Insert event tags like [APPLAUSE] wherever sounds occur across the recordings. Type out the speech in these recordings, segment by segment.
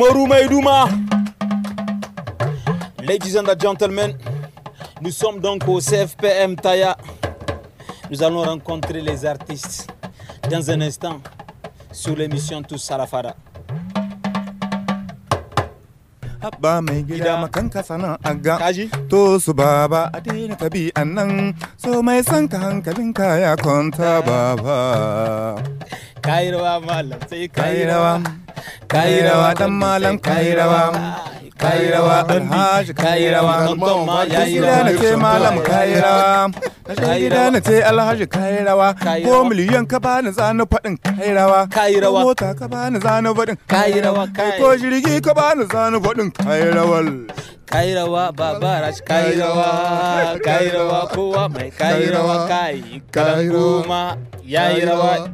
Umaru Maïdouma. Ladies and gentlemen, nous sommes donc au CFPM Taya. Nous allons rencontrer les artistes dans un instant sur l'émission Tous à la Fada. abba mai gida makanka aga to su ah. baba a daina tabi annan so mai sanka hankalinka ya kwanta baba Kairawa, malam sai kairawa. Kairawa, dan malam kairawa kairawa. dan haji kairawa rawa yi da, na ce malam kairawa. kairawa kayi na ce alhaji kairawa. ko miliyan ka bani zanu fadin kairawa. kairawa mota ka bani zanu fadin kairawa. rawa ko jirgi ka bani zanu fadin kairawal. Kairawa, baba rash Kairawa, kairawa kai kowa mai kairawa kai kalan kuma yayi rawa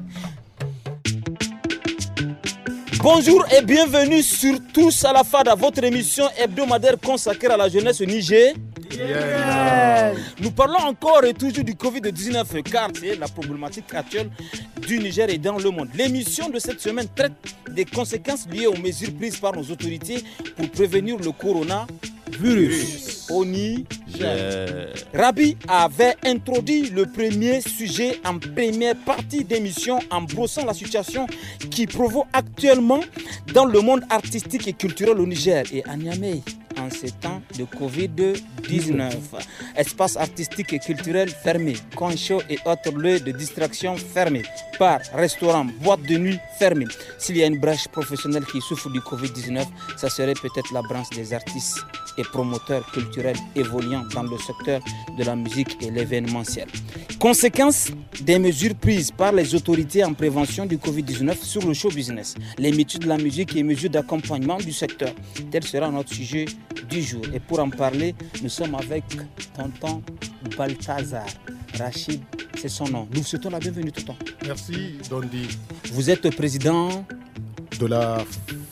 Bonjour et bienvenue sur Tous à la à votre émission hebdomadaire consacrée à la jeunesse au Niger. Nous parlons encore et toujours du Covid-19 car c'est la problématique actuelle du Niger et dans le monde. L'émission de cette semaine traite des conséquences liées aux mesures prises par nos autorités pour prévenir le corona virus au Niger. Rabi avait introduit le premier sujet en première partie d'émission en brossant la situation qui provoque actuellement dans le monde artistique et culturel au Niger et à Niamey en ces temps de Covid-19. Espace artistique et culturel fermé, concho et autres lieux de distraction fermés, bars, restaurants, boîtes de nuit fermées. S'il y a une branche professionnelle qui souffre du Covid-19, ça serait peut-être la branche des artistes et promoteur culturel évoluant dans le secteur de la musique et l'événementiel. Conséquence des mesures prises par les autorités en prévention du Covid-19 sur le show business, les métiers de la musique et mesures d'accompagnement du secteur. Tel sera notre sujet du jour. Et pour en parler, nous sommes avec Tonton Balthazar Rachid, c'est son nom. Nous vous souhaitons la bienvenue, Tonton. Merci, Dondi. Vous êtes président de la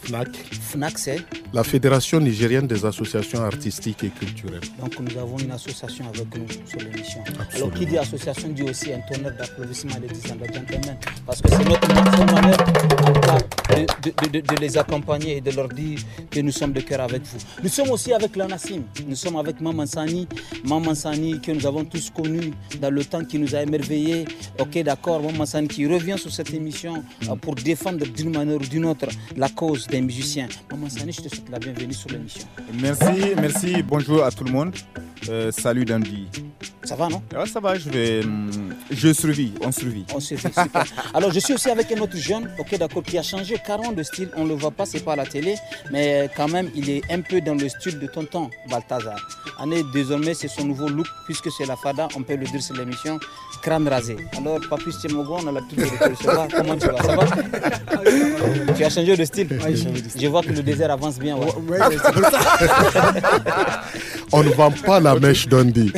FNAC. FNAC, c'est La Fédération nigérienne des associations artistiques et culturelles. Donc nous avons une association avec nous sur l'émission. Alors qui dit association dit aussi un tourneur d'applaudissements des dizaines de gentlemen. Parce que c'est notre, notre manière de, les accompagner et de leur dire que nous sommes de cœur avec vous. Nous sommes aussi avec l'Anassim. nous sommes avec Maman Sani, Maman Sani que nous avons tous connu dans le temps qui nous a émerveillés. Ok, d'accord, Maman Sani qui revient sur cette émission euh, pour défendre d'une manière ou d'une autre la cause des musiciens. Maman Sani, je te souhaite la bienvenue sur l'émission. Merci, merci, bonjour à tout le monde. Euh, salut Dandy. Ça va, non Ça va, je vais. Hum, je survis, on survit. On survit, super. [LAUGHS] Alors, je suis aussi avec un autre jeune, ok, d'accord, a changé carrément de style. On le voit pas, c'est pas à la télé, mais quand même, il est un peu dans le style de Tonton Balthazar. Année désormais, c'est son nouveau look, puisque c'est la fada, on peut le dire sur l'émission, crâne rasé. Alors, Papus bon. on a la de Comment tu vas Tu as changé de style Je vois que le désert avance bien. [LAUGHS] on ne vend pas la mèche d'Andy.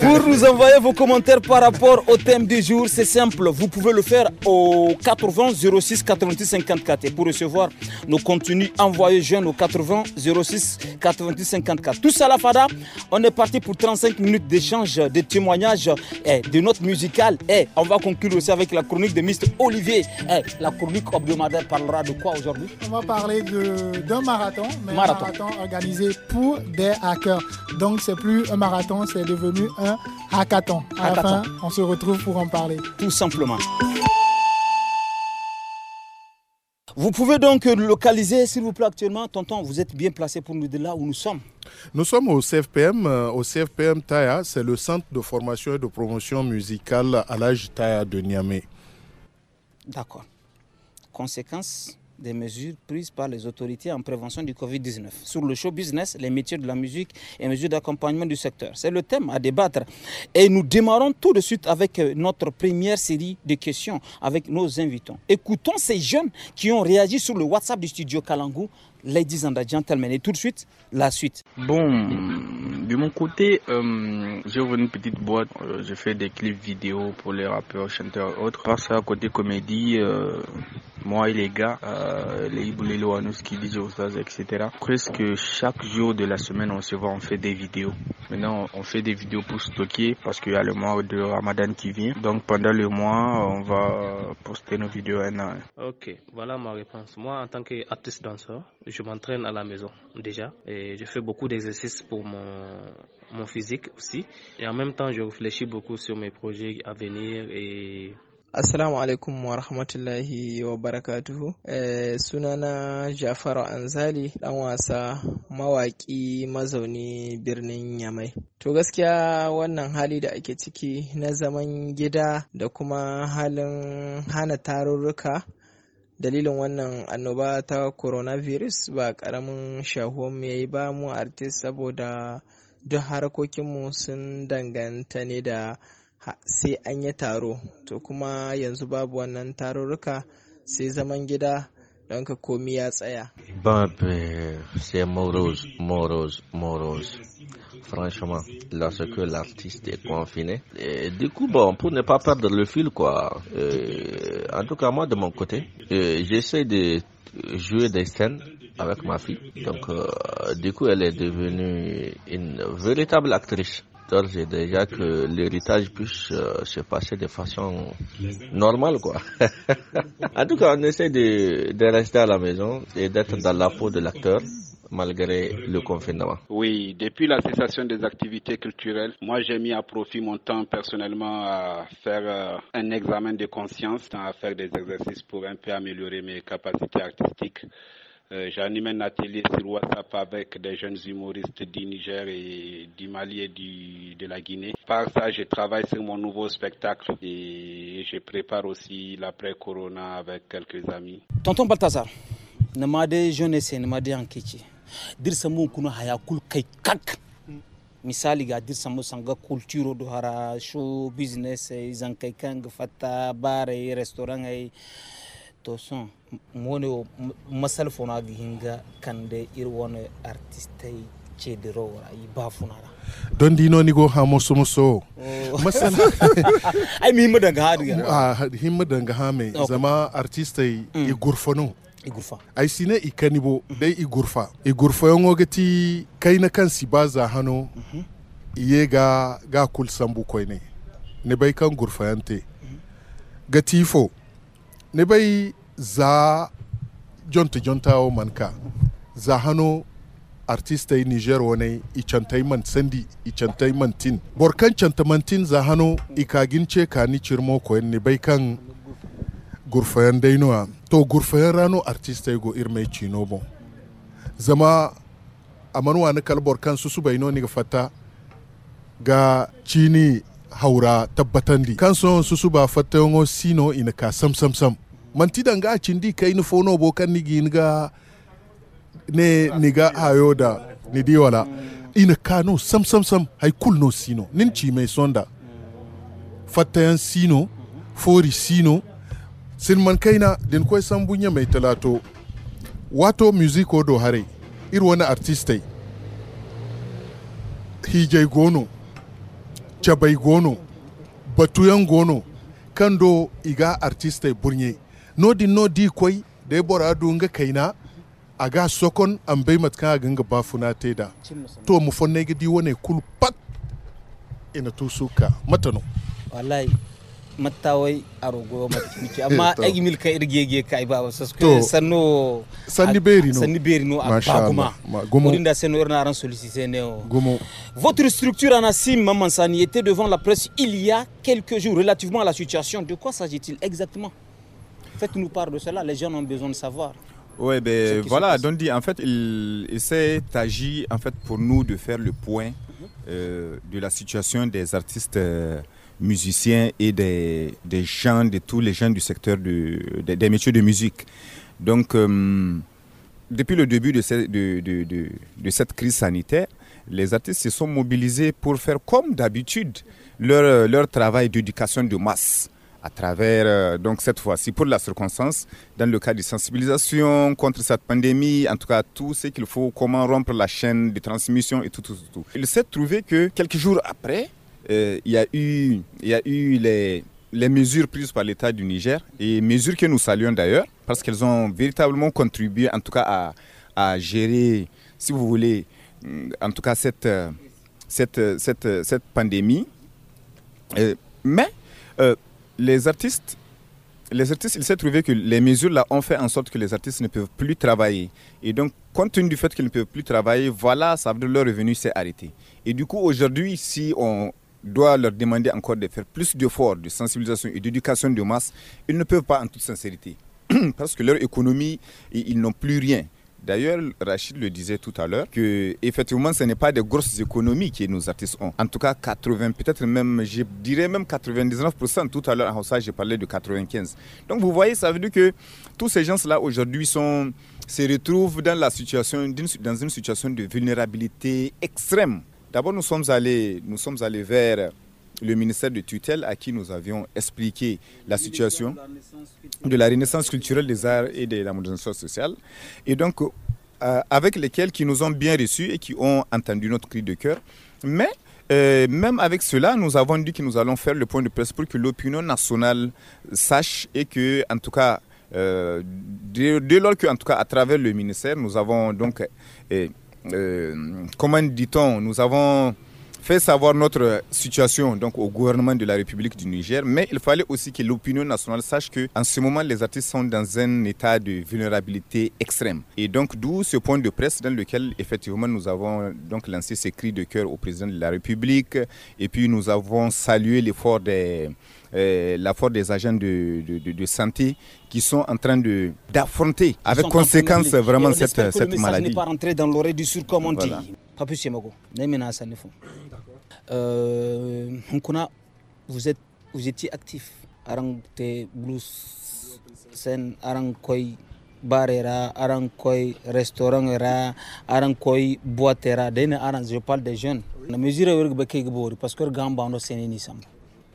Pour nous envoyer vos commentaires par rapport au thème du jour, c'est simple. Vous pouvez le faire au 80 06 80 et pour recevoir nos contenus envoyés jeunes au 80 06 90 54. Tout ça la fada, on est parti pour 35 minutes d'échange, de témoignages, de notes musicales et on va conclure aussi avec la chronique de Mr Olivier. la chronique hebdomadaire parlera de quoi aujourd'hui On va parler d'un marathon, mais marathon. un marathon organisé pour des hackers. Donc c'est plus un marathon, c'est devenu un hackathon. on se retrouve pour en parler. Tout simplement. Vous pouvez donc localiser, s'il vous plaît, actuellement, tonton, vous êtes bien placé pour nous de là où nous sommes. Nous sommes au CFPM, euh, au CFPM Taya, c'est le centre de formation et de promotion musicale à l'âge Taya de Niamey. D'accord. Conséquence, des mesures prises par les autorités en prévention du Covid-19. Sur le show business, les métiers de la musique et mesures d'accompagnement du secteur. C'est le thème à débattre. Et nous démarrons tout de suite avec euh, notre première série de questions avec nos invités. Écoutons ces jeunes qui ont réagi sur le WhatsApp du studio Kalangou Ladies and Gentlemen. Et tout de suite, la suite. Bon, de mon côté, euh, j'ai ouvert une petite boîte. Euh, je fais des clips vidéo pour les rappeurs, chanteurs et autres. Par ça, côté comédie, euh, moi et les gars, les les Loanous qui disent etc. Presque chaque jour de la semaine, on se voit, on fait des vidéos. Maintenant, on fait des vidéos pour stocker parce qu'il y a le mois de Ramadan qui vient. Donc pendant le mois, on va poster nos vidéos Ok, voilà ma réponse. Moi, en tant qu'artiste danseur, je m'entraîne à la maison déjà et je fais beaucoup d'exercices pour mon, mon physique aussi. Et en même temps, je réfléchis beaucoup sur mes projets à venir et Assalamu alaikum wa rahmatullahi wa barakatuhu. Eh, sunana Jafaru Anzali, dan wasa mawaki mazauni birnin Yamai. To gaskiya wannan hali da ake ciki na zaman gida da kuma halin hana tarurruka dalilin wannan annoba ta coronavirus ba karamin shahuwan mu yayi ba mu artist saboda duk harkokinmu sun danganta ne da sai an yi taro to kuma yanzu babu wannan tarurruka sai zaman gida Donc, c'est morose morose morose franchement lorsque l'artiste est confiné du coup bon pour ne pas perdre le fil quoi euh, en tout cas moi de mon côté euh, j'essaie de jouer des scènes avec ma fille donc euh, du coup elle est devenue une véritable actrice j'ai déjà que l'héritage puisse euh, se passer de façon normale, quoi. [LAUGHS] en tout cas, on essaie de, de rester à la maison et d'être dans la peau de l'acteur malgré le confinement. Oui, depuis la cessation des activités culturelles, moi j'ai mis à profit mon temps personnellement à faire euh, un examen de conscience, à faire des exercices pour un peu améliorer mes capacités artistiques. Euh, j'anime un atelier sur WhatsApp avec des jeunes humoristes du Niger et du Mali et du, de la Guinée. Par ça, je travaille sur mon nouveau spectacle et je prépare aussi l'après-corona avec quelques amis. Tonton Balthazar, namade jeunesse, namade ankechi. Dir samu kuno haya kul kai kak. misali ga dir ce sanga culture do hara show business izan kai kang fatta et restaurant ai to son mone o masal fona gi hinga kande ir Artistai, artiste cediro wora yi ba funara don dino ni go ha moso moso oh. masal ai [LAUGHS] mi mu danga ha diga ah himma danga ha me zama artiste mm. i gurfano igurfa ai sine ikanibo dai igurfa igurfa yongo gati kai na kan baza hano mhm. iye ga ga kul sambu koine ne bai kan yante mhm. gati fo ni bai za jonta jonta o manka za hano artistai niger wani icantai man sandi icantai tin. borkan canta tin za hano ikagin ce ka ni cirmo koyan ni bai kan gurfayan dainuwa to gurfayan rano artista go irme cino bon zama a manuwa na kalbor kansu su bai ni ga fata ga cini haura tabbatandi kanso su ba fatan sino ina ka sam sam sam danga cin di kai ni fono bo kan ni ginga ne ga ayo da ni diwala ina ka no sam sam sam hay kul no sino nin ci mai sonda fatan sino fori sino sin man kaina din koy sambunya mai talato wato music do hare irwana wani artistai hijai gono cabai gono batuyan gono kando iga artista burnye nodi nodi koi da bora do nga kaina aga sokon an bai matkan ga nga bafuna teda to mu fonne gidi wane kul pat ina tusuka matano wallahi votre structure en Maman Sani était devant la presse il y a quelques jours relativement à la situation de quoi s'agit-il exactement faites-nous part de cela les gens ont besoin de savoir Oui, ben voilà, Dondi, en fait, il essaie en fait, pour nous de faire le point mhm. euh, de la situation des artistes euh, musiciens et des, gens, de tous les gens du secteur des, métiers de musique. Donc, euh, depuis le début de, cette crise sanitaire, les artistes se sont mobilisés pour faire comme d'habitude leur, leur travail d'éducation de masse à travers, euh, donc cette fois-ci, pour la circonstance, dans le cas de sensibilisation contre cette pandémie, en tout cas tout ce qu'il faut, comment rompre la chaîne de transmission et tout, tout, tout. Il s'est trouvé que quelques jours après, euh, il y a eu, il y a eu les, les mesures prises par l'État du Niger, et mesures que nous saluons d'ailleurs, parce qu'elles ont véritablement contribué en tout cas à, à, gérer, si vous voulez, mm, en tout cas cette, cette, cette, cette pandémie. Euh, mais euh, les artistes, les artistes, il s'est trouvé que les mesures là ont fait en sorte que les artistes ne peuvent plus travailler. Et donc, compte tenu du fait qu'ils ne peuvent plus travailler, voilà, ça veut dire leur revenu s'est arrêté. Et du coup, aujourd'hui, si on doit leur demander encore de faire plus d'efforts de sensibilisation et d'éducation de masse, ils ne peuvent pas en toute sincérité. [CLEARS THROAT] Parce que leur économie, ils n'ont plus rien. D'ailleurs, Rachid le disait tout à l'heure, que effectivement, ce n'est pas des grosses économies que nos artistes ont. En tout cas, 80, peut-être même, je dirais même 99%. Tout à l'heure, en ça, j'ai parlé de 95. Donc, vous voyez, ça veut dire que tous ces gens-là aujourd'hui sont, se retrouvent dans la situation, dans une situation de vulnérabilité extrême. D'abord, nous sommes allés, nous sommes allés vers le ministère de tutelle à qui nous avions expliqué la situation de la renaissance culturelle des arts et de la modernisation sociale. Et donc, euh, avec lesquels qui nous ont bien reçus et qui ont entendu notre cri de cœur. Mais euh, même avec cela, nous avons dit que nous allons faire le point de presse pour que l'opinion nationale sache et que, en tout cas, euh, dès, lors que, en tout cas, à travers le ministère, nous avons donc euh, comment dit-on, nous avons fait savoir notre situation donc au gouvernement de la République du Niger, mais il fallait aussi que l'opinion nationale sache que en ce moment les artistes sont dans un état de vulnérabilité extrême. Et donc d'où ce point de presse dans lequel effectivement nous avons donc lancé ces cris de cœur au président de la République et puis nous avons salué l'effort des euh, la force des agents de, santé qui sont en train d'affronter avec conséquence vraiment cette, maladie. pas dans l'oreille du on vous, êtes, vous étiez actif. blues sen je parle des jeunes parce que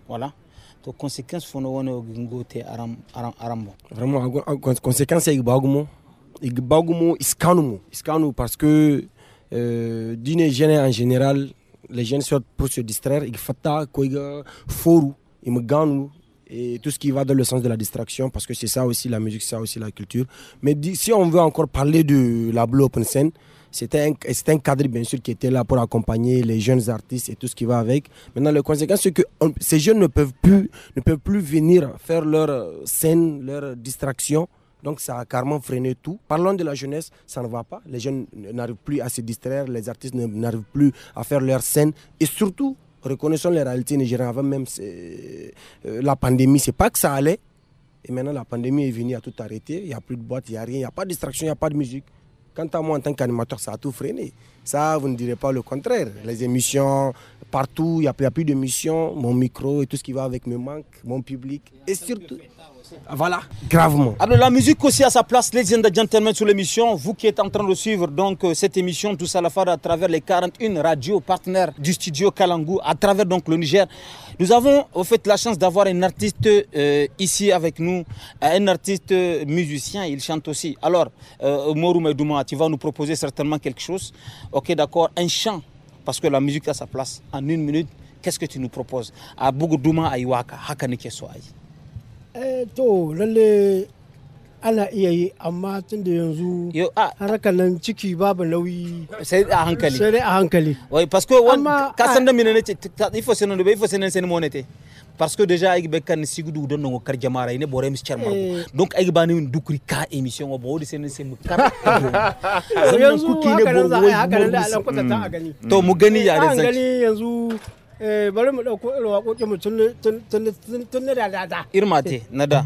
voilà to conséquences fono woni gote aram aram arambo vraiment conséquence e bagumo e bagumo iskanumo iskanu parce que euh, parce jeune en général les jeunes sortent pour se distraire ils fatta ko foru ils me gagnent et tout ce qui va dans le sens de la distraction, parce que c'est ça aussi la musique, c'est ça aussi la culture. Mais si on veut encore parler de la Blue Open Scene, c'était un, cadre, bien sûr, qui était là pour accompagner les jeunes artistes et tout ce qui va avec. Maintenant, les conséquences, c'est que ces jeunes ne peuvent, plus, ne peuvent plus venir faire leur euh, scène, leur euh, distraction. Donc ça a carrément freiné tout. Parlons de la jeunesse, ça ne va pas. Les jeunes n'arrivent plus à se distraire, les artistes n'arrivent plus à faire leur scène. Et surtout, reconnaissons les réalités nigériennes avant même euh, la pandémie, c'est pas que ça allait. Et maintenant la pandémie est venue à tout arrêter. Il n'y a plus de boîte, il n'y a rien, il n'y a pas de distraction, il n'y a pas de musique. Quant à moi, en tant qu'animateur, ça a tout freiné. Ça, vous ne direz pas le contraire. Les émissions, partout, il n'y a, plus d'émissions. Mon micro et tout ce qui va avec me manque, mon public. Et surtout. Ah, voilà. Gravement. Alors la musique aussi à sa place, les gentlemen sur l'émission. Vous qui êtes en train de suivre donc euh, cette émission tout à la fois à travers les 41 radios partenaires du studio Kalangou à travers donc le Niger. Nous avons en fait la chance d'avoir un artiste euh, ici avec nous, euh, un artiste musicien, il chante aussi. Alors, euh, Medouma, tu vas nous proposer certainement quelque chose. Ok, d'accord, un chant, parce que la musique a sa place. En une minute, qu'est-ce que tu nous proposes À Bougodouma Hakane eh, le ana iya yi amma tun da yanzu harkar nan ciki babu nauyi sai a hankali sai dai a hankali wai parce que wani ka san da ne ce il faut sinon il faut sinon sen monete parce que déjà ay bekan ni sigu du don kar jamara ne bore mis charmar donc ay bani min dukuri ka émission wa bodi sen sen mu kar yanzu ki ne bo wai haka nan da alan ta a gani to mu gani ya da gani yanzu bari mu dauko irin waƙoƙin mu tun tun tun tun da da irma te na da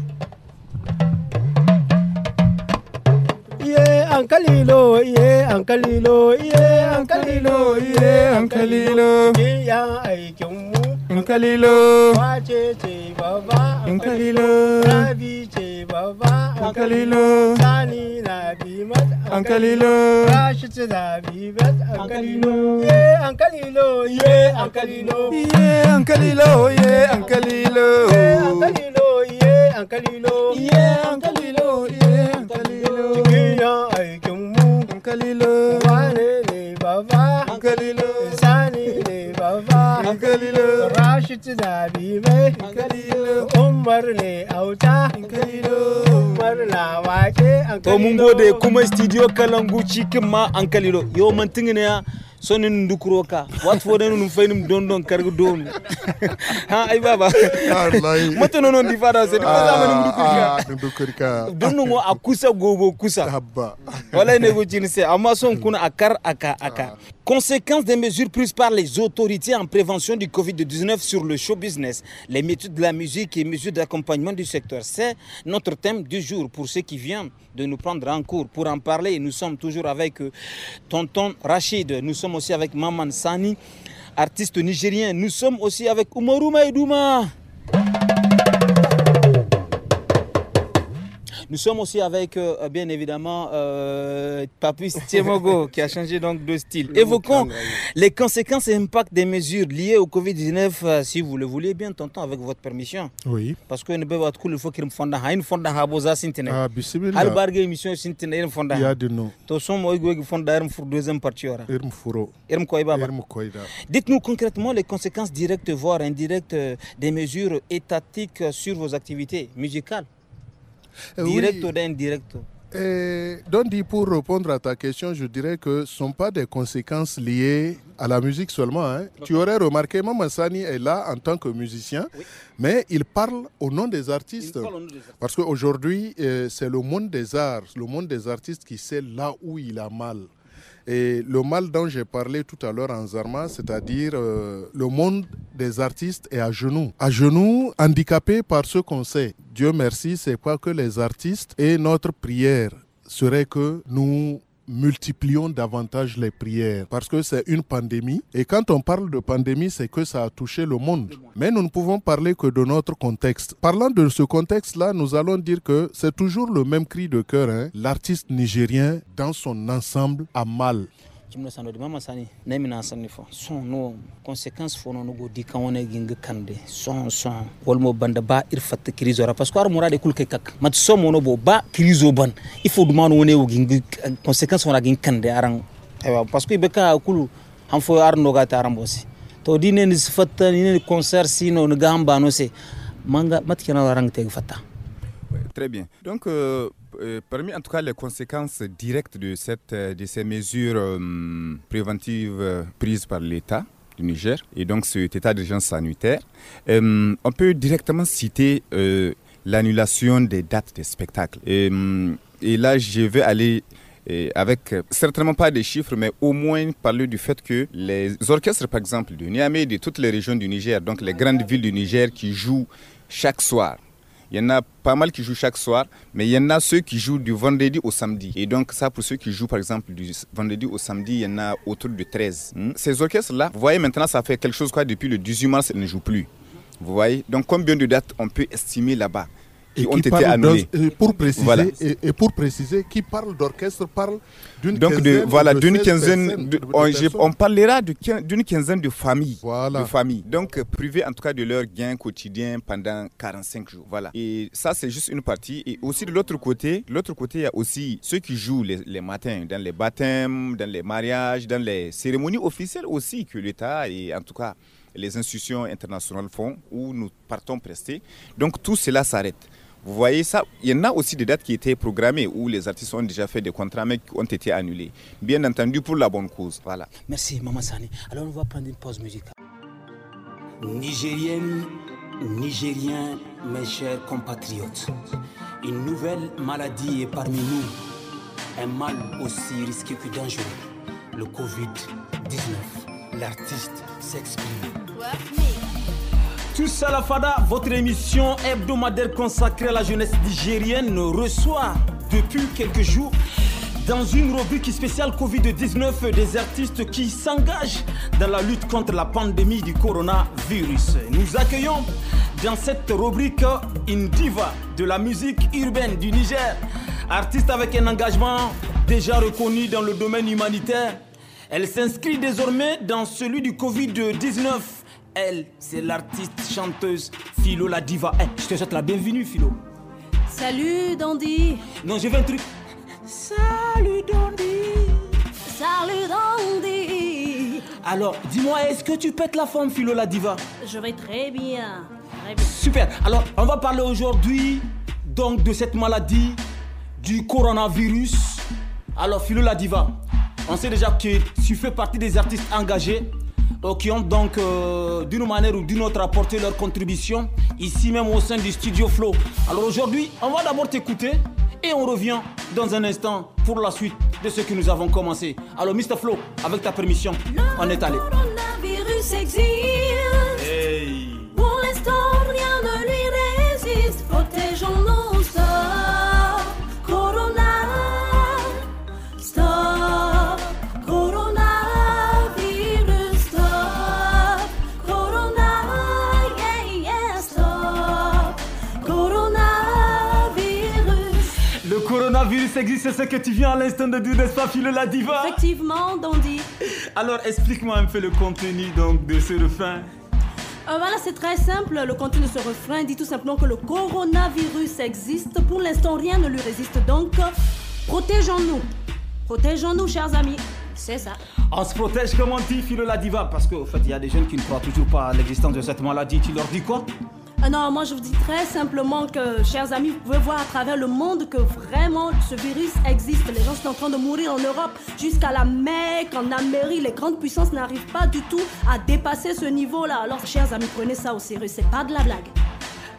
iye ankalilo iye ankalilo iye ankalilo iye ankalilo iya aikin mu ankalilo wace ce baba ankalilo rabi ce baba ankalilo sani na bi mat ankalilo rashi ce da bi bat ankalilo iye ankalilo iye ankalilo iye ankalilo iye ankalilo iye ankalilo iye an kalilo iye an kalilo iye an kalilo cikin yan aikin mu wane ne baba an kalilo ne baba an rashid zabi mai an umar ne auta an umar na wake to mun gode kuma studio kalangu cikin ma an kalilo sonin ni ndu wat fo den num faynum don don kargo don ha ay baba wallahi [LAUGHS] mato non di fada se di fada man ndu ka ah, ndu kurka don no akusa gogo kusa habba wallahi ne go jini se amma son kuna akar aka aka ah. Conséquence des mesures prises par les autorités en prévention du Covid-19 sur le show business, les méthodes de la musique et mesures d'accompagnement du secteur. C'est notre thème du jour pour ceux qui viennent de nous prendre en cours. Pour en parler, nous sommes toujours avec euh, Tonton Rachid, nous sommes aussi avec Maman Sani, artiste nigérien, nous sommes aussi avec Umaru Maïdouma. Nous sommes aussi avec, euh, euh, bien évidemment, euh, Papus Tiemogo, [LAUGHS] qui a changé donc de style. Évoquons les conséquences et impacts des mesures liées au Covid-19, euh, si vous le voulez bien, Tonton, avec votre permission. Oui. Parce que ne peut pas il faut qu'il me fonde une fonde à Boza Sintene. Ah, bismillah. Albargue émission Sintene, il fonde. Il y a de nous. il fonde pour deuxième partie. Irm Furo. Irm Koiba. Irm Dites-nous concrètement les conséquences directes, voire indirectes, des mesures étatiques sur vos activités musicales. Directo ou indirect. Et donc, pour répondre à ta question, je dirais que ce ne sont pas des conséquences liées à la musique seulement. Hein. Tu aurais remarqué, Maman Sani est là en tant que musicien, mais il parle au nom des artistes. Nom des artistes. Parce qu'aujourd'hui, euh, c'est le monde des arts, le monde des artistes qui sait là où il a mal. Et le mal dont j'ai parlé tout à l'heure en Zarma, c'est-à-dire euh, le monde des artistes est à genoux. À genoux, handicapé par ce qu'on sait. Dieu merci, c'est pas que les artistes et notre prière serait que nous multiplions davantage les prières parce que c'est une pandémie. Et quand on parle de pandémie, c'est que ça a touché le monde. Mais nous ne pouvons parler que de notre contexte. Parlant de ce contexte-là, nous allons dire que c'est toujours le même cri de cœur. Hein, l'artiste nigérien, dans son ensemble, a mal. jimno sando di mama sani na mina sani fo son no conséquence fo no go di kan wona ginga kande son son wol mo banda ba ir fatta krizo ra parce que ar murade kul kay kak mat so mo no bo ba krizo ban il faut duma no wona ginga conséquence wona ginga kande aran aywa parce que be ka kul han fo ar no ga ta aran bosi to di ne ni fatta ni ne concert sino ni gamba no se manga mat kana rang te fatta très bien. Donc, euh, euh, parmi en tout cas les conséquences directes de, cette, euh, de ces mesures préventives prises par l'État du Niger et donc cet état d'urgence sanitaire, on peut directement citer l'annulation des dates des spectacles. Et, là, je vais aller avec certainement pas des chiffres, mais au moins parler du fait que les orchestres, par exemple, de Niamey, de toutes les régions du Niger, donc les grandes villes du Niger qui jouent chaque soir il y en a pas mal qui jouent chaque soir, mais il y en a ceux qui jouent du vendredi au samedi. Et donc ça, pour ceux qui jouent par exemple du vendredi au samedi, il y en a autour de 13. Hmm? Ces orchestres-là, vous voyez maintenant, ça fait quelque chose quoi depuis le 18 mars, ils ne jouent plus. Vous voyez Donc combien de dates on peut estimer là-bas et ont été pour préciser, et, pour préciser, qui parle d'orchestre parle d'une quinzaine. De, voilà, d'une quinzaine. De, on, parlera d'une quinzaine de familles, de familles. Donc privées en tout cas de leur gain quotidien pendant 45 jours. Voilà. Et ça c'est juste une partie. Et aussi de l'autre côté, l'autre côté il y a aussi ceux qui jouent les, les, matins dans les baptêmes, dans les mariages, dans les cérémonies officielles aussi que l'État et en tout cas les institutions internationales font où nous partons prester. Donc tout cela s'arrête. Vous voyez ça, il y en a aussi des dates qui étaient programmées où les artistes ont déjà fait des contrats mais qui ont été annulés. Bien entendu pour la bonne cause. Voilà. Merci Maman Sani. Alors on va prendre une pause musicale. Nigérienne, Nigérien, mes chers compatriotes, une nouvelle maladie est parmi nous. Un mal aussi risqué que dangereux, le Covid-19. L'artiste s'exprime tous à Fada, votre émission hebdomadaire consacrée à la jeunesse nigérienne reçoit depuis quelques jours dans une rubrique spéciale Covid-19 des artistes qui s'engagent dans la lutte contre la pandémie du coronavirus. Nous accueillons dans cette rubrique une diva de la musique urbaine du Niger, artiste avec un engagement déjà reconnu dans le domaine humanitaire. Elle s'inscrit désormais dans celui du Covid-19 elle, c'est l'artiste chanteuse Philo la diva. Eh, je te souhaite la bienvenue, Philo. Salut, Dandy. Non, j'ai veux un truc. Salut, Dandy. Salut, Dandy. Alors, dis-moi, est-ce que tu pètes la forme, Philo la diva Je vais très bien. Super. Alors, on va parler aujourd'hui donc de cette maladie du coronavirus. Alors, Philo la diva, on sait déjà que tu fais partie des artistes engagés euh, qui ont donc euh, d'une manière ou d'une autre apporté leur contribution ici même au sein du studio Flo. Alors aujourd'hui, on va d'abord t'écouter et on revient dans un instant pour la suite de ce que nous avons commencé. Alors Mr Flo, avec ta permission, on est allé. c'est ce que tu viens à l'instant de dire, n'est-ce pas, la diva Effectivement, Dandy. Alors, explique-moi un peu le contenu donc de ce refrain. Euh, voilà, c'est très simple. Le contenu de ce refrain dit tout simplement que le coronavirus existe. Pour l'instant, rien ne lui résiste. Donc, protégeons-nous. Protégeons-nous, chers amis. C'est ça. On se protège comme on dit, fille la diva. Parce qu'au fait, il y a des jeunes qui ne croient toujours pas à l'existence de cette maladie. Tu leur dis quoi euh, non, moi je vous dis très simplement que, chers amis, vous pouvez voir à travers le monde que vraiment ce virus existe. Les gens sont en train de mourir en Europe, jusqu'à la Mecque, en Amérique. Les grandes puissances n'arrivent pas du tout à dépasser ce niveau-là. Alors, chers amis, prenez ça au sérieux, c'est pas de la blague.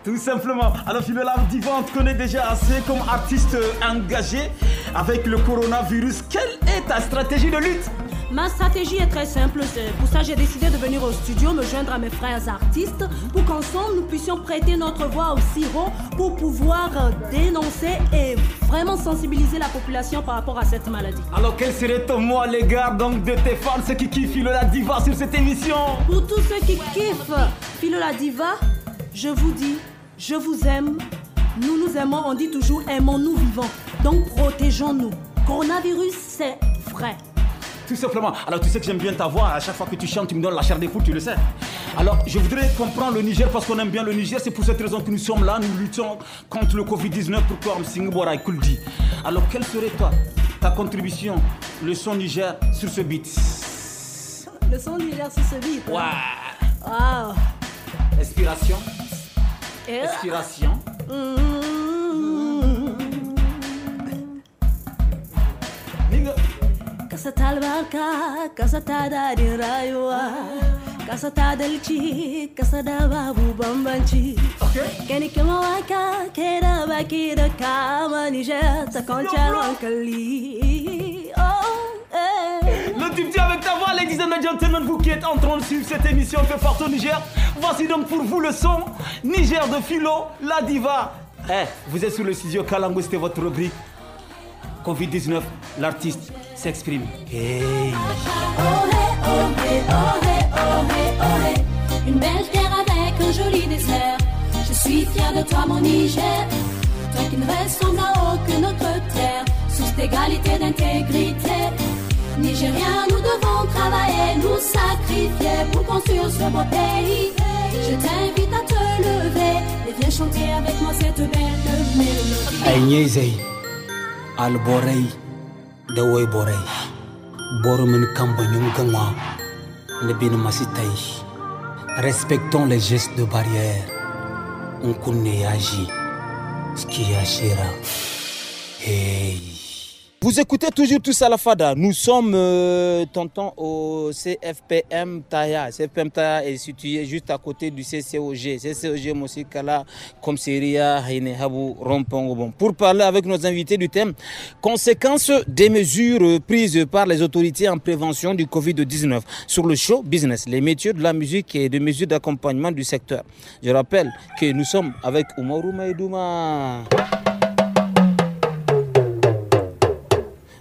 Tout simplement. Alors, on te connaît déjà assez comme artiste engagé avec le coronavirus. Quelle est ta stratégie de lutte Ma stratégie est très simple, c'est pour ça j'ai décidé de venir au studio me joindre à mes frères artistes pour qu'ensemble nous puissions prêter notre voix au sirop pour pouvoir euh, dénoncer et vraiment sensibiliser la population par rapport à cette maladie. Alors quel serait ton mot à l'égard donc de tes fans, ceux qui kiffent la Diva sur cette émission Pour tous ceux qui kiffent Philo la Diva, je vous dis, je vous aime. Nous nous aimons, on dit toujours aimons-nous vivants. Donc protégeons-nous. Coronavirus, c'est vrai. Tout simplement. Alors tu sais que j'aime bien ta voix. À chaque fois que tu chantes, tu me donnes la chair des fous, tu le sais. Alors je voudrais comprendre le Niger parce qu'on aime bien le Niger. C'est pour cette raison que nous sommes là. Nous luttons contre le Covid-19 pour que et Kuldi. Alors quelle serait toi ta contribution, le son Niger sur ce beat Le son Niger sur ce beat Waouh hein? wow. Inspiration. Inspiration. Mm-hmm. kasatalbaalka kasataadadin rayuwa kasataadalchi kasadabaabu bambanchi kenikemawaaka kedabakida kama niger takonchalwankali oh, eh. Le type dit avec ta voix, ladies and gentlemen, vous qui êtes en train de suivre cette émission fait partout au Niger, voici donc pour vous le son Niger de Philo, la diva. Eh, vous êtes sous le studio Kalango, c'était votre rubrique Covid-19, l'artiste s'exprime. Hey. Une belle terre avec un joli désert. Je suis fier de toi, mon Niger. Toi qui ne ressemble à aucune autre terre. Source d'égalité, d'intégrité. Nigériens, nous devons travailler, nous sacrifier pour construire ce beau pays. Je t'invite à te lever et viens chanter avec moi cette belle mélodie. « Alboré, da wai borai kamba ñum gangwa ne respectons les gestes de barrière on On kunne yaji skiyashira hey vous écoutez toujours tous à la FADA. Nous sommes euh, au CFPM Taya. CFPM Taya est situé juste à côté du CCOG. CCOG Mosikala, Komseria, Hinehabu, Rompongobon. Pour parler avec nos invités du thème Conséquences des mesures prises par les autorités en prévention du Covid-19 sur le show business, les métiers de la musique et des mesures d'accompagnement du secteur. Je rappelle que nous sommes avec Oumarou Maïdouma.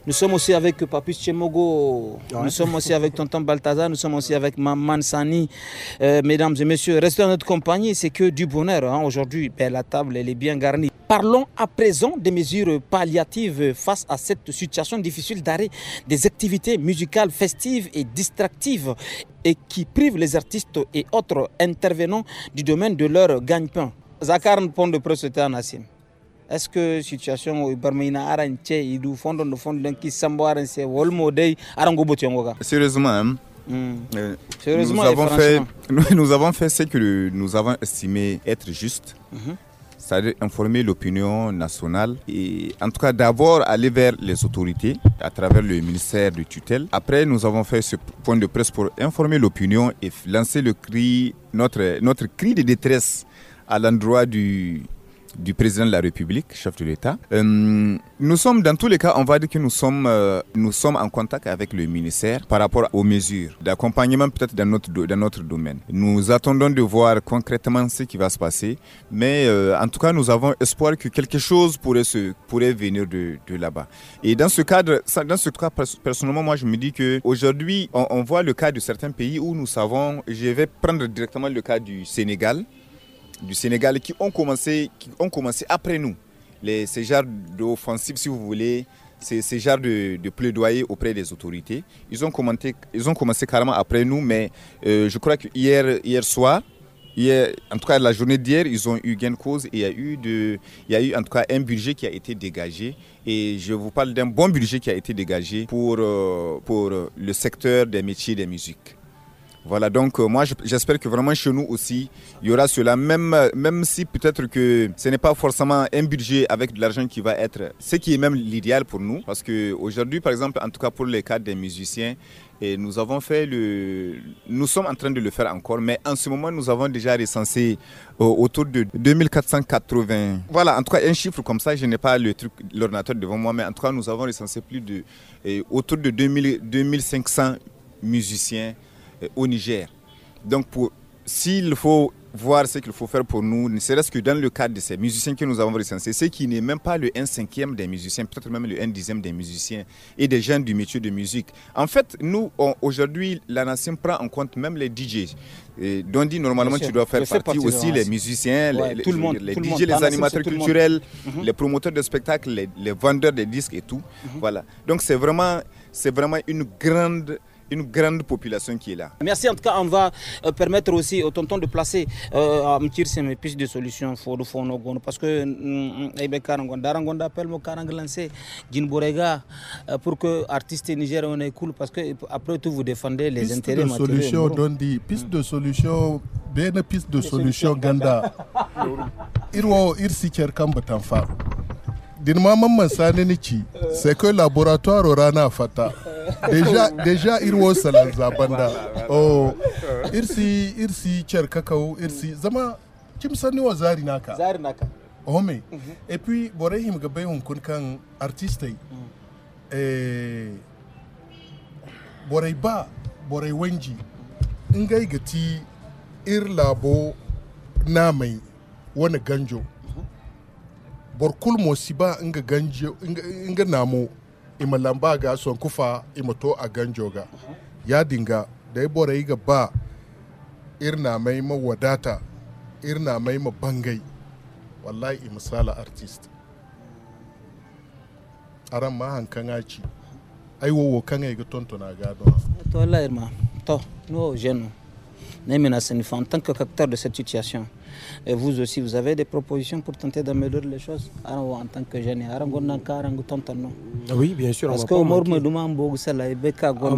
Nous sommes aussi avec Papus Chemogo, nous sommes aussi avec Tonton Baltazar. nous sommes aussi avec Maman Sani. Euh, mesdames et messieurs, restez en notre compagnie, c'est que du bonheur. Hein. Aujourd'hui, ben, la table, elle est bien garnie. Parlons à présent des mesures palliatives face à cette situation difficile d'arrêt des activités musicales festives et distractives et qui privent les artistes et autres intervenants du domaine de leur gagne-pain. Pont de Presse, c'était est-ce que situation barmina idu fondo sambo wolmo dey hein. hmm. euh, sérieusement nous avons fait [LAUGHS] nous, avons fait ce que nous avons estimé être juste mhm. c'est-à-dire informer l'opinion nationale et en tout cas d'abord aller vers les autorités à travers le ministère de tutelle. Après, nous avons fait ce point de presse pour informer l'opinion et lancer le cri, notre, notre cri de détresse à l'endroit du, du président de la République, chef de l'État. Euh, nous sommes, dans tous les cas, on va dire que nous sommes, euh, nous sommes en contact avec le ministère par rapport aux mesures d'accompagnement peut-être dans notre, dans notre domaine. Nous attendons de voir concrètement ce qui va se passer, mais euh, en tout cas, nous avons espoir que quelque chose pourrait, se, pourrait venir de, de là-bas. Et dans ce cadre, dans ce cas, personnellement, moi, je me dis que aujourd'hui, on voit le cas de certains pays où nous savons, je vais prendre directement le cas du Sénégal du Sénégal qui ont commencé, qui ont commencé après nous. Les, ces genres d'offensives, si vous voulez, ces, ces genres de, plaidoyer auprès des autorités, ils ont, commenté, ils ont commencé carrément après nous, mais euh, je crois que hier, hier soir, hier, en tout cas la journée d'hier, ils ont eu gain de cause et il y, a eu de, il y a eu en tout cas un budget qui a été dégagé. Et je vous parle d'un bon budget qui a été dégagé pour, euh, pour le secteur des métiers des musiques. Voilà, donc euh, moi j'espère que vraiment chez nous aussi, il y aura cela, même, euh, même si peut-être que ce n'est pas forcément un budget avec de l'argent qui va être, ce qui est même l'idéal pour nous, parce qu'aujourd'hui par exemple, en tout cas pour les cas des musiciens, nous avons fait le. Nous sommes en train de le faire encore, mais en ce moment, nous avons déjà recensé euh, autour de 2480. Voilà, en tout cas, un chiffre comme ça, je n'ai pas le truc, l'ordinateur devant moi, mais en tout cas, nous avons recensé plus de. autour de 2500 musiciens euh, au Niger. Donc s'il faut voir ce qu'il faut faire pour nous, ne serait-ce que dans le cadre de ces musiciens que nous avons recensés, ce qui n'est même pas le 1 cinquième des musiciens, peut-être même le 1 dixième des musiciens et des gens du métier de musique. En fait, nous, aujourd'hui, la nation prend en compte même les DJ. Et dit normalement tu dois faire partie, aussi les musiciens, les, tout le monde, DJ, les animateurs culturels, mhm. les promoteurs de spectacles, les, vendeurs de disques et tout. Mhm. Voilà. Donc c'est vraiment, c'est vraiment une grande une grande population qui est là. Merci. En tout cas, on va euh, permettre aussi au tonton de placer euh, à Mtir ces pistes de solutions pour le fond Parce que mm, mm, on appelle mon Karang lancé Borega euh, pour que artistes nigériens on est cool. Parce que après tout, vous défendez les piste intérêts de solutions, Solution, Dondi, piste de solution, bien piste de solution, Ganda. Irwo, Irsiker Kambatanfa. din ma mamman sani niki sai kai laboratoire rana fata deja deja irwo salan zabanda oh irsi irsi cer kakau irsi zama kim sani wa zari naka zari naka oh, me -hmm. et puis bore him ga bai kun kan artiste mm. eh ba bore wenji in gai gati ir labo na mai wani ganjo borkul mo siba nga ganjo nga, nga namo ima lamba ga son kufa ima to a ganjo ga ya dinga da ya bora ga ba irna mai ma wadata irna mai ma bangai wallahi ima sala artist aran ma hankan aci ai wo kan ga tontona ga don to wallahi ma to no jeno ne menace en tant que acteur de cette situation Et vous aussi, vous avez des propositions pour tenter d'améliorer les choses en tant que jeune Oui, bien sûr. Parce que ah,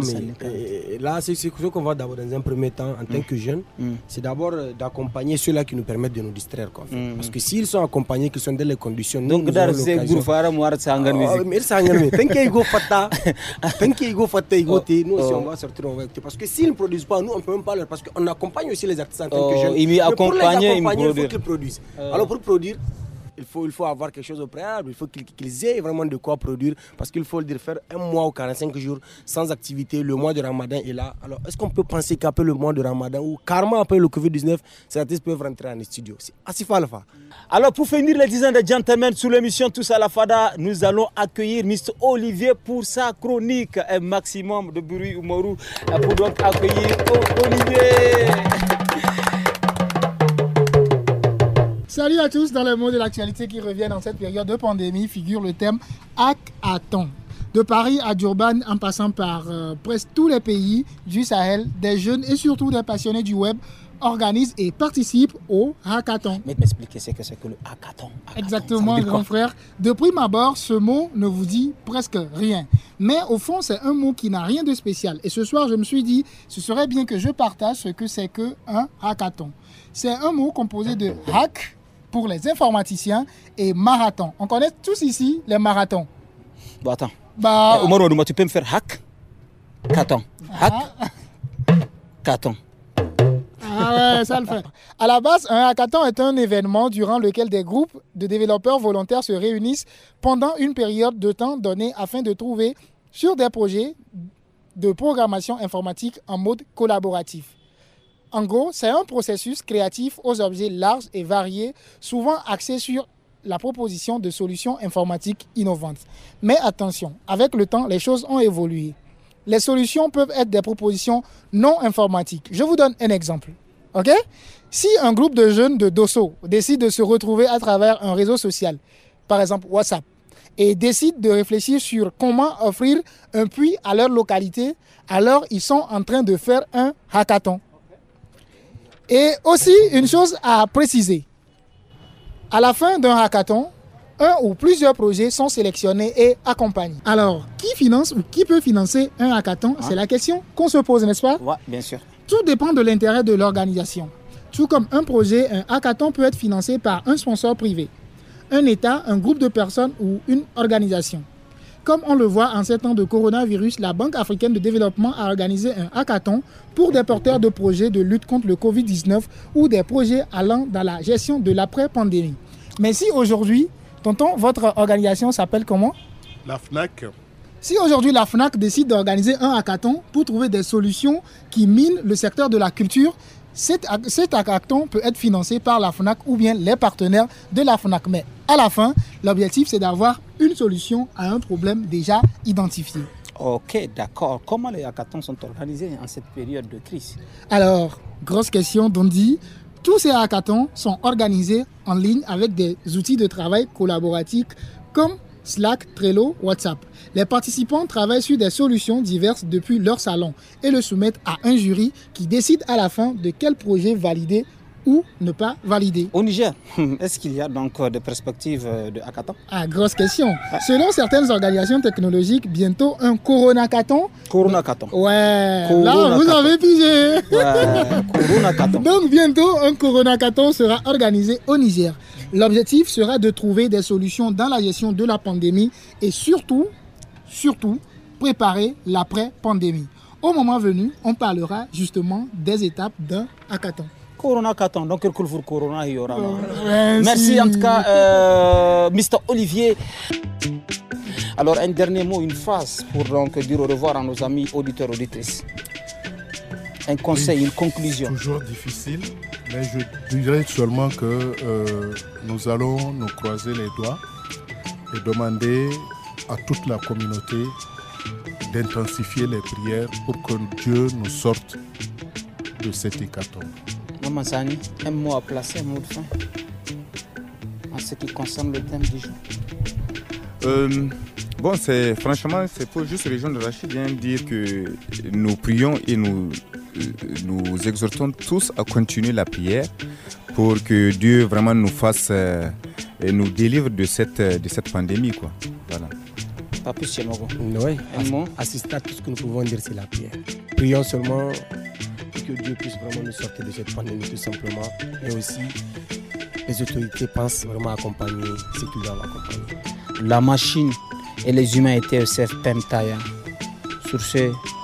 eh, Là, c'est ce qu'on va d'abord dans un premier temps en tant mm. que jeune, mm. c'est d'abord euh, d'accompagner ceux-là qui nous permettent de nous distraire. Quoi. Mm. Parce que s'ils sont accompagnés, qu'ils sont dans les conditions. Donc, nous ah, aussi on va sortir, Parce que s'ils ne produisent pas, nous on peut même pas leur. Parce qu'on accompagne aussi les artistes en tant que oh, jeunes. Euh. Alors pour produire, il faut, il faut avoir quelque chose au préalable, il faut qu'ils aient vraiment de quoi produire, parce qu'il faut le dire, faire un mois ou 45 jours sans activité, le mois de Ramadan est là. Alors, est-ce qu'on peut penser qu'après le mois de Ramadan ou carrément après le Covid-19, ces artistes peuvent rentrer en studio C'est Alors, pour finir les dizaines de Gentlemen, sous l'émission Tous à la Fada, nous allons accueillir Mr. Olivier pour sa chronique, un maximum de bruit ou morou, pour donc accueillir Olivier. Salut à tous. Dans le mots de l'actualité qui revient dans cette période de pandémie figure le thème Hackathon. De Paris à Durban, en passant par euh, presque tous les pays du Sahel, des jeunes et surtout des passionnés du web organisent et participent au hackathon. Mais m'expliquer ce que c'est que le hackathon. Exactement, grand frère. De prime abord, ce mot ne vous dit presque rien. Mais au fond, c'est un mot qui n'a rien de spécial. Et ce soir, je me suis dit, ce serait bien que je partage ce que c'est que un hackathon. C'est un mot composé de hack pour les informaticiens et marathons. On connaît tous ici les marathons. Bon, attends. Bah... Eh, tu peux me faire hack Caton. Hack Caton. Ah. ah ouais, ça le fait. À la base, un hackathon est un événement durant lequel des groupes de développeurs volontaires se réunissent pendant une période de temps donnée afin de trouver sur des projets de programmation informatique en mode collaboratif. En gros, c'est un processus créatif aux objets larges et variés, souvent axé sur la proposition de solutions informatiques innovantes. Mais attention, avec le temps, les choses ont évolué. Les solutions peuvent être des propositions non informatiques. Je vous donne un exemple. OK Si un groupe de jeunes de Dosso décide de se retrouver à travers un réseau social, par exemple WhatsApp, et décide de réfléchir sur comment offrir un puits à leur localité, alors ils sont en train de faire un hackathon. Et aussi, une chose à préciser. À la fin d'un hackathon, un ou plusieurs projets sont sélectionnés et accompagnés. Alors, qui finance ou qui peut financer un hackathon ah. C'est la question qu'on se pose, n'est-ce pas Oui, bien sûr. Tout dépend de l'intérêt de l'organisation. Tout comme un projet, un hackathon peut être financé par un sponsor privé, un État, un groupe de personnes ou une organisation. Comme on le voit en ces temps de coronavirus, la Banque africaine de développement a organisé un hackathon pour des porteurs de projets de lutte contre le Covid-19 ou des projets allant dans la gestion de l'après-pandémie. Mais si aujourd'hui, tonton, votre organisation s'appelle comment La FNAC. Si aujourd'hui la FNAC décide d'organiser un hackathon pour trouver des solutions qui minent le secteur de la culture, cet, hackathon peut être financé par la FNAC ou bien les partenaires de la FNAC. Mais à la fin, l'objectif, c'est d'avoir une solution à un problème déjà identifié. Ok, d'accord. Comment les hackathons sont organisés en cette période de crise Alors, grosse question, Dondi. Tous ces hackathons sont organisés en ligne avec des outils de travail collaboratifs comme Slack, Trello, WhatsApp. Les participants travaillent sur des solutions diverses depuis leur salon et le soumettent à un jury qui décide à la fin de quel projet valider ou ne pas valider. Au Niger, [LAUGHS] est-ce qu'il y a donc euh, des perspectives euh, de hackathon Ah, grosse question. Ah. Selon certaines organisations technologiques, bientôt un Corona Coronacaton. Ouais. là, vous avez pigé. Ouais. [LAUGHS] donc bientôt un Corona coronacaton sera organisé au Niger. L'objectif sera de trouver des solutions dans la gestion de la pandémie et surtout surtout préparer l'après-pandémie. Au moment venu, on parlera justement des étapes d'un hackathon. Corona hackathon, donc il pour Corona, y aura. Euh, Merci. en tout cas, euh, Mr. Olivier. Alors un dernier mot, une phrase pour donc dire au revoir à nos amis auditeurs auditrices. Un conseil, une conclusion. Toujours difficile, mais je dirais seulement que euh, nous allons nous croiser les doigts et demander à toute la communauté d'intensifier les prières pour que Dieu nous sorte de cette hécatombe. Maman Zani, un mot à placer, un mot de fin en ce qui concerne le thème du jour. Euh, bon, c'est franchement, c'est pour juste les de Rachid bien hein, dire que nous prions et nous euh, nous exhortons tous à continuer la prière pour que Dieu vraiment nous fasse euh, et nous délivre de cette, de cette pandémie. Quoi. Papus Oui, à, ce stade, tout ce que nous pouvons dire, c'est la prière. Prions seulement que Dieu puisse vraiment nous sortir de cette pandémie, tout simplement, Et aussi les autorités pensent vraiment accompagner ceux qui doivent l'accompagner. La machine et les humains étaient au CFPM Sur ce,